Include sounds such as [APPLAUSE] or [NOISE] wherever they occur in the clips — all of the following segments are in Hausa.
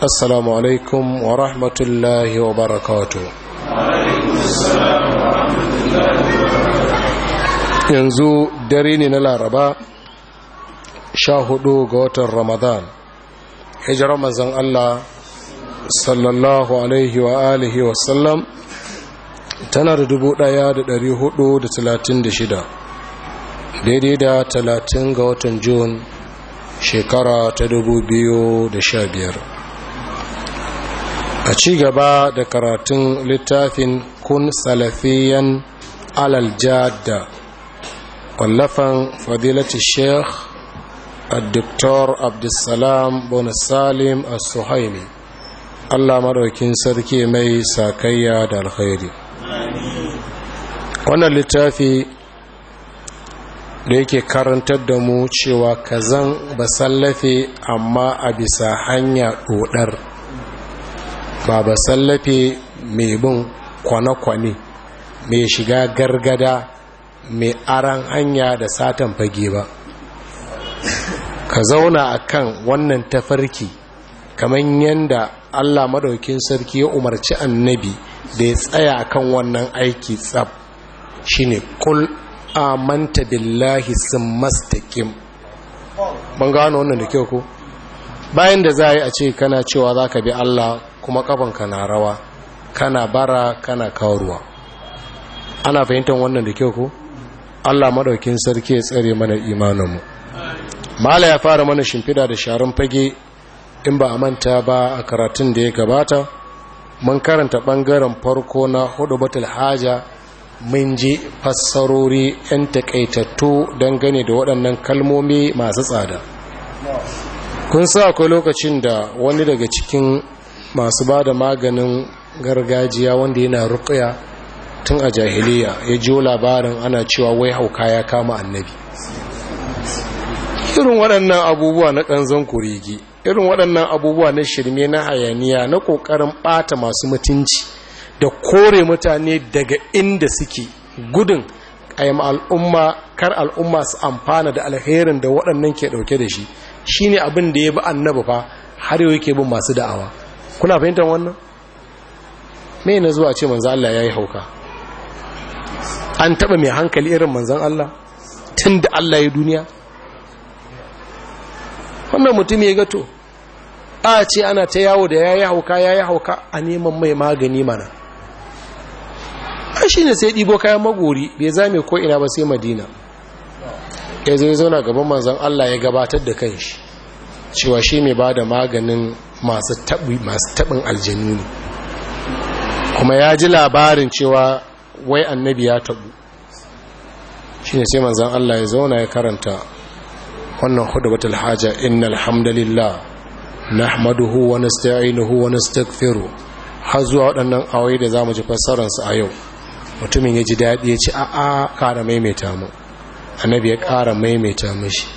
assalamu alaikum wa rahmatullahi wa barakatu yanzu dare ne na laraba sha hudu ga watan ramadan hijirar mazan allah sallallahu alaihi wa alihi tana da dubu daya da dari hudu da talatin da shida daidai da talatin ga watan jun shekara ta dubu biyu da sha biyar a ci gaba da karatun littafin kun salafiyan alal jadda wallafan fadilati sheikh addiktor abdulsalam salim al suhaimi allah maraukin sarki mai sakayya da alkhairi wannan littafi da yake karantar da mu cewa kazan basallafe amma a bisa hanya ɗodar baba sallafe mai bin kwane-kwane mai shiga gargada mai aran hanya da satan fage ba ka zauna a kan wannan tafarki kamar yadda allah maɗaukin sarki ya umarci annabi da ya tsaya a kan wannan aiki tsab shine kul amanta billahi sun mastakim ban gano wannan da kyau ko bayan da za a yi a ce kana cewa za ka bi allah kuma kafanka na rawa kana bara kana kawo ruwa ana fahimtar wannan da kyau ko Allah maɗaukin sarki ya tsare mana imaninmu mala ya fara mana shimfida da sharan fage in ba a manta ba a karatun da ya gabata mun karanta ɓangaren farko na hudu batul haja mun ji fassarori 'yan takaitattu dangane da waɗannan kalmomi masu tsada kun sa akwai lokacin da wani daga cikin masu ba da maganin gargajiya wanda yana rukuya tun a jahiliya ya jiyo labarin ana cewa wai hauka ya kama annabi irin waɗannan abubuwa na ƙanzon kurigi irin waɗannan abubuwa na shirme na hayaniya na ƙoƙarin ɓata masu mutunci da kore mutane daga inda suke gudun ayyama al'umma kar al'umma su amfana da alherin da waɗannan ke ɗauke da shi shine abin da ya bi annaba fa har yau yake bin masu da'awa kuna fahimtar wannan me na zuwa ce manzan Allah ya yi hauka an taba mai hankali irin manzan Allah tun da Allah ya duniya wannan mutum ya gato a ce ana ta yawo da ya yi hauka ya yi hauka a neman mai magani mana an shi ne sai ɗibo kayan magori bai zame ko ina ba sai madina ya zai zauna gaban manzan Allah ya gabatar da kanshi cewa shi mai ba da maganin masu taɓin aljanu ne kuma ya ji labarin cewa wai annabi ya taɓu shi ne sai manzan Allah ya zauna ya karanta wannan hudubatul haja na hamdalillah maduhu wa nasta'inuhu wani nastaghfiru har zuwa waɗannan awai da zamu ji fassararsu a yau mutumin ya ji daɗi ya ci a'a ƙara maimaita mu annabi ya ƙara maimaita mashi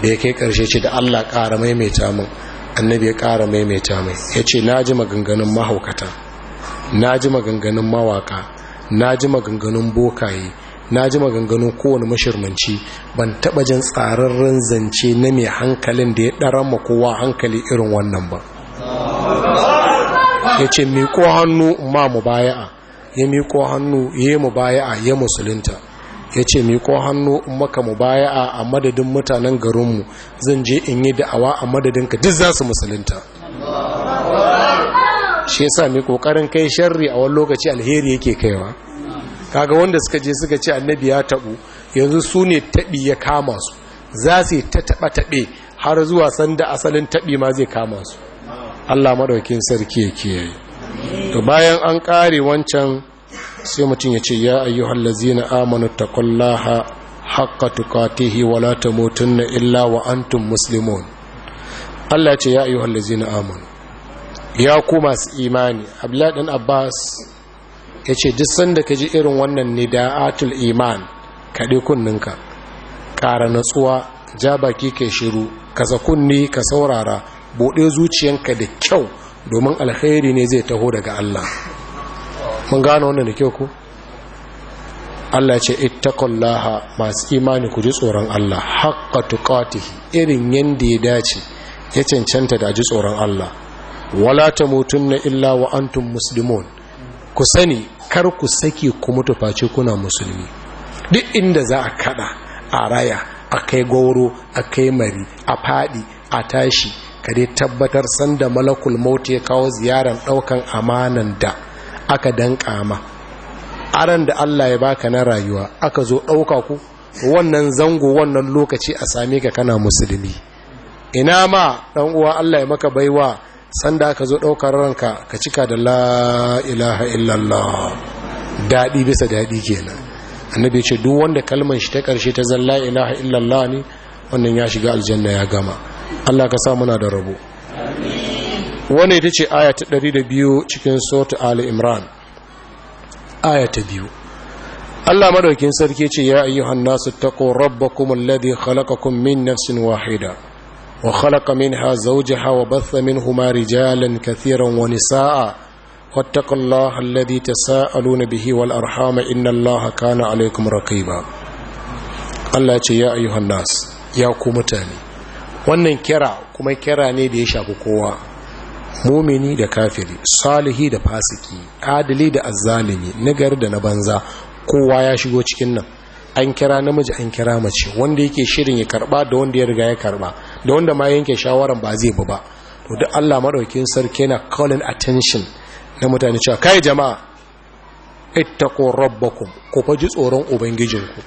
da ya kai karshe ce da Allah ƙara maimaita min annabi ya ƙara maimaita mai ya ce na ji maganganun mahaukata na ji maganganun mawaka na ji maganganun bokaye na ji maganganun kowane mashirmanci ban taɓa jin tsararren zance na mai hankalin da ya ɗarama ma kowa hankali irin wannan ba Yace ce miƙo hannu ma mubaya'a ya miƙo hannu ya yi mubaya'a ya musulunta ya ce ko hannu in maka mu baya a madadin mutanen garinmu zan je in yi da'awa a madadin ka duk za su musulunta shi sa mai kokarin kai sharri a wani lokaci alheri yake kaiwa kaga wanda suka je suka ce annabi ya tabu yanzu su ne tabi ya kama su za su ta taba tabe har zuwa sanda asalin taɓi ma zai kama su Allah madaukin sarki ya kiyaye bayan an ƙare wancan sai mutum ya ce ya ayyuhal na amanu taqullaha haqqa wala wa mutum na illa wa antum muslimun Allah ya ce ya hallazi na amanu ya ku masu imani Abdullahi Abbas ya ce duk sanda ka ji irin wannan nida'atul iman ɗi kunninka ƙara natsuwa ja baki kai shiru ka kunni ka saurara buɗe zuciyanka da kyau domin alkhairi ne zai taho daga Allah mun gano wannan da kyau ku Allah ce ittaqullaha masu imani ku ji tsoron Allah haqqa tuqatihi irin yanda ya dace ya cancanta da ji tsoron Allah wala tamutunna illa wa antum muslimun ku sani kar ku saki ku mutu face kuna musulmi duk inda za a kada a raya a kai goro a kai mari a fadi a tashi kare tabbatar sanda malakul maut ya kawo ziyaran daukan amanan da aka danƙa ma aran da Allah ya baka na rayuwa aka zo ɗauka ku wannan zango wannan lokaci a same ka kana musulmi ina ma ɗan uwa Allah ya maka baiwa sanda ka zo ɗaukar ranka ka cika da la ilaha illallah daɗi bisa daɗi kenan annabi ce duk wanda kalmar shi ta ƙarshe ta zalla ilaha illallah ne wannan ya shiga aljanna ya gama Allah ka sa muna da rabo wani ita ce aya ta biyu cikin sota ali imran aya biyu Allah maɗaukin sarki ce ya ayyuhan nasu taqu rabbakum alladhi khalaqakum min nafsin wahida wa khalaqa minha zawjaha wa batha huma rijalin kathiran wa nisaa ta الله الذي bihi به والأرحام inna الله كان عليكم رقيبا Allah ce ya ayyuhan ya ku mutane wannan kira kuma kira ne da ya shafi kowa mumini da kafiri salihi da fasiki adali da azzalimi nagari da na banza kowa ya shigo cikin nan an kira namiji an kira mace wanda yake shirin ya karba da wanda ya riga ya karba da wanda ma yanke shawaran ba zai bu ba to duk Allah madaukakin sarki yana calling attention na mutane cewa kai jama'a ittaqu rabbakum ku faji tsoron ubangijinku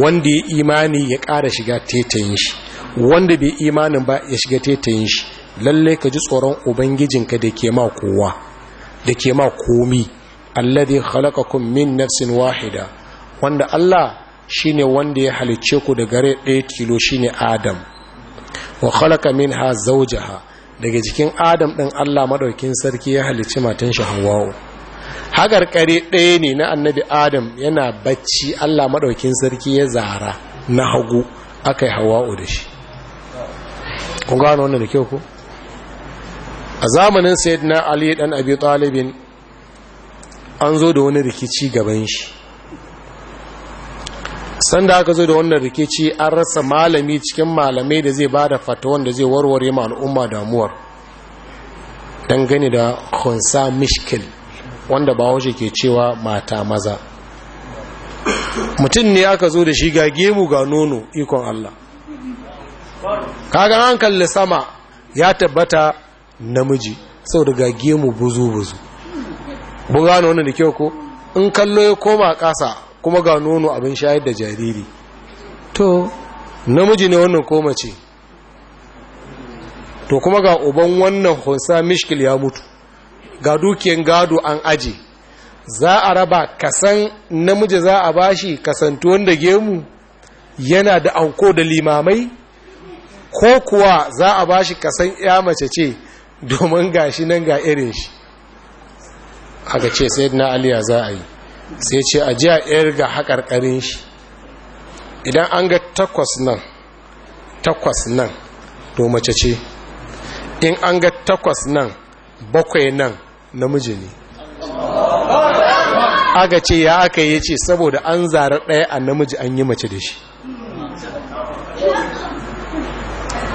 wanda ya imani ya ƙara shiga tetayin shi wanda bai imanin ba ya shiga tetayin shi lalle ka ji tsoron ubangijinka da ke ma kowa da ke ma komi alladhi khalaqakum min nafsin wahida wanda Allah shine wanda ya halicce ku da gare ɗaya tilo shine Adam wa khalaqa minha zawjaha daga jikin Adam ɗin Allah maɗaukin sarki ya halicci matan shi Hawwa'u hagar kare ɗaya ne na annabi Adam yana bacci Allah maɗaukin sarki ya zara na hagu akai Hawwa'u da shi Ku gano wannan da kyau ko a zamanin na ali dan abi talibin an zo da wani rikici gaban shi sanda aka zo da wannan rikici an rasa malami cikin malamai da zai bada fatawan da zai warware ma al'umma damuwar dangane da khunsa mishkil wanda ba waje ke cewa mata maza mutum ne aka zo da shi ga gemu ga nono ikon Allah kaga an kalli sama ya tabbata namiji sau da gemu gemu buzu-buzu mun gano wannan da kyau ko in kallo ya koma ƙasa kuma ga nono abin shayar da jariri to namiji ne wannan koma ce, to kuma ga uban wannan hunsa mishkil ya mutu ga dukiyan gado an aji za a raba kasan namiji za a bashi kasantu da gemu yana da anko da limamai ko kuwa za a bashi kasan ya mace ce domin gashi nan ga irin shi aka ce sai na aliya za a yi sai ce a ji a irga haƙarƙarin shi idan an ga takwas nan takwas nan to mace ce in an ga takwas nan bakwai nan namiji ne aka ce ya aka yi ce saboda an zara ɗaya a namiji an yi mace da shi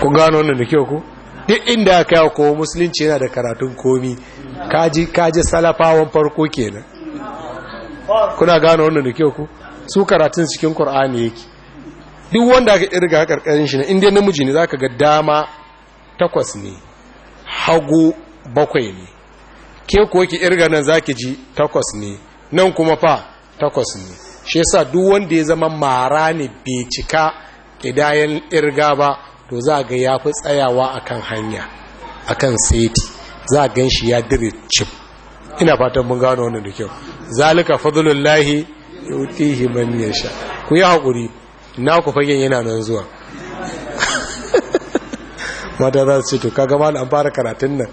ku gano wannan da kyau ku? duk inda aka yi kowa musulunci yana da karatun komi kaji kaji salafawan farko kenan kuna gano wannan da kyau ku su karatun cikin qur'ani yake duk wanda aka irga ƙarƙarin shi ne inda namiji ne za ka ga dama takwas ne hagu bakwai ne ke kuwa ki irga nan za zaki ji takwas ne nan kuma fa takwas ne shi yasa duk wanda ya zama mara ne bai cika ƙidayen irga ba to za ga ya fi tsayawa akan hanya akan seti za gan shi ya dire cip ina fatan mun gano wannan da kyau zalika fadlullahi yutihi man yasha ku yi hakuri na ku fagen yana nan zuwa [LAUGHS] mata za su ce to kaga mal an fara karatun nan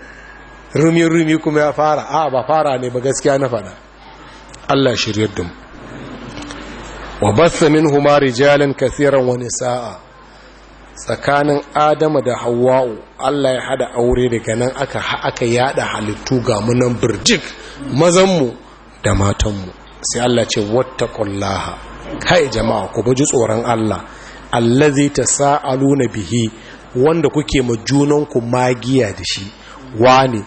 rumi rumi kuma ya fara a ba fara ne ba gaskiya na fada Allah shiryar dum mu wa bassa minhuma rijalan kaseeran wa nisaa tsakanin Adama da hawa'u allah ya hada aure daga nan aka aka yada halittu ga munan birjik mazanmu da matanmu sai allah ce wata kullaha. kai jama'a ku baji tsoron allah Allah zai ta sa'alu na bihi wanda kuke ma junanku magiya da shi wani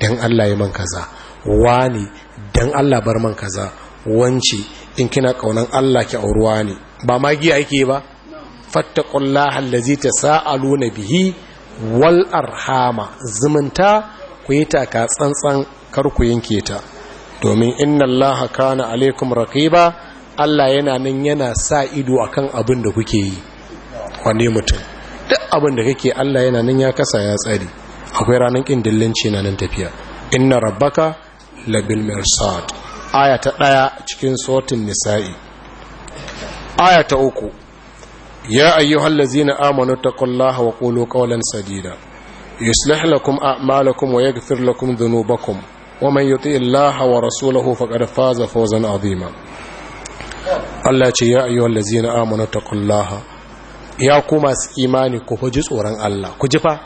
dan allah ya man kaza wani dan allah bar man kaza wanci in kina kaunan allah ki auruwa ne ba magiya yake ba fattaqullaha allazi tasaaluna bihi wal arhama zumunta ku yi taka tsantsan kar ku yanke ta domin inna allaha kana alaikum raqiba Allah yana nan yana sa ido akan abin da kuke yi Wani mutum duk abin da kake Allah yana nan ya kasa ya tsari akwai ranar kin dillanci na nan tafiya inna rabbaka labil mirsad aya ta daya cikin sotin nisa'i aya ta uku يا أيها الذين آمنوا اتقوا الله وقولوا قولا سديدا يصلح لكم أعمالكم ويغفر لكم ذنوبكم ومن يطيع الله ورسوله فقد فاز فوزا عظيما الله يا أيها الذين آمنوا اتقوا الله يا كما إيماني كفجي tsoron Allah ku jifa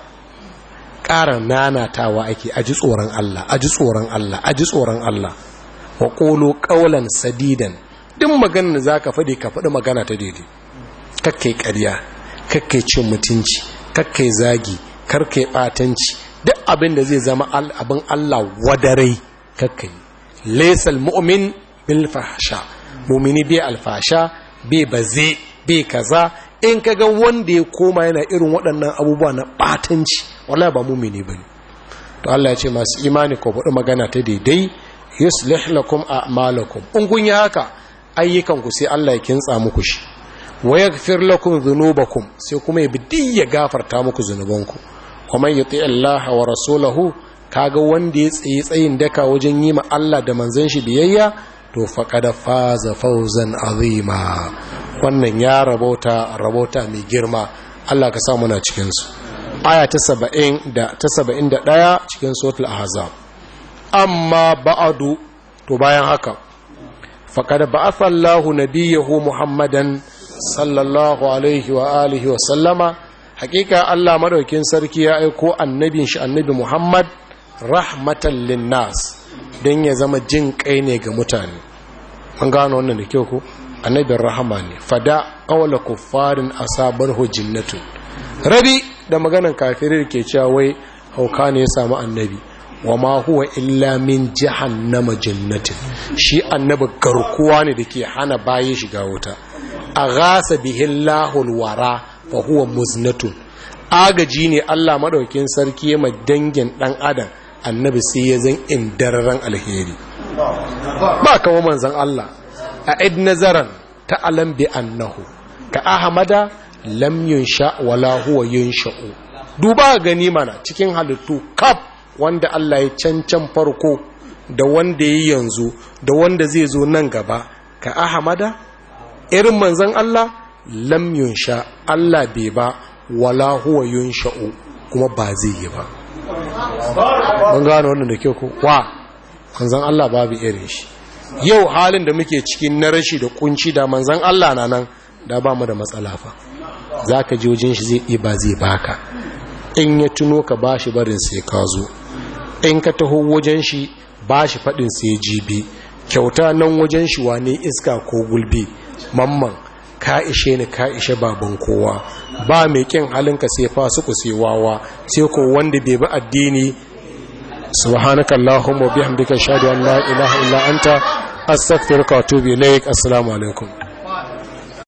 ƙara nanatawa ake aji tsoron Allah aji tsoron Allah aji tsoron Allah wa ƙolo qawlan sadidan duk maganar za ka faɗi ka faɗi magana ta daidai kakke ƙarya kakke cin mutunci kakke zagi karkai ɓatanci duk abin da zai zama abin Allah wadarai kakke laisal mu'min bil fahsha mu'mini bai alfasha bai baze bai kaza in ka ga wanda ya koma yana irin waɗannan abubuwa na ɓatanci wallahi ba mu'mini bane to Allah ya ce masu imani ko bude magana ta daidai yuslih lakum a'malakum in kun yi haka ayyukan ku sai Allah ya kintsa muku shi wa yaghfir lakum dhunubakum sai kuma ya bidi ya gafarta muku zunubanku kuma yuti Allah wa rasulahu kaga wanda ya tsaye tsayin daka wajen yi ma Allah da manzon shi biyayya to faqad faza fawzan azima wannan ya rabota rabota mai girma Allah ka sa muna cikin su aya ta 70 da ta 71 cikin suratul ahzab amma ba'adu to bayan haka faqad ba'atha Allahu nabiyahu Muhammadan sallallahu alaihi wa alihi wa sallama hakika Allah madaukin sarki ya aiko annabin shi annabi Muhammad rahmatan linnas don ya zama jin kai ne ga mutane an gano wannan da kyau ko annabin rahama ne fada awla kuffarin asabar hujinnatu rabi da maganan kafirin ke cewa wai hauka ne ya samu annabi wa ma huwa illa min jahannama jannatin shi annabi garkuwa ne da ke hana baye shiga wuta a gasa bihin lahulwara fa huwa muznatun agaji ne allah maɗaukin sarki ya dangin ɗan adam annabi sai ya zan indararren alheri ba kama manzan allah a id nazaran ta alam bi annahu ka ahmada lam yunsha wala huwa yunsha'u duba gani mana cikin halittu kaf wanda allah ya cancan farko da wanda ya yanzu da wanda zai zo nan gaba ka ahmada irin manzan Allah lam yunsha Allah bai ba wala huwa yunsha'u kuma ba zai yi ba ban gano wannan da kyau wa manzan Allah babu irin shi yau halin da muke cikin na rashi da kunci da manzan Allah na nan da ba mu da matsala fa zaka ji wajen shi zai ba zai baka in ya tuno ka bashi barin sai ka zo in ka taho wajen shi bashi faɗin sai jibi kyauta nan wajen shi wane iska ko gulbi mamman ka ishe ni ka ishe baban kowa ba mai kin halinka sai fa su ku sai wawa ko wanda bai bi addini subhanaka allahumma bihamdika shadu an la ilaha illa anta astaghfiruka wa atubu ilaik assalamu alaikum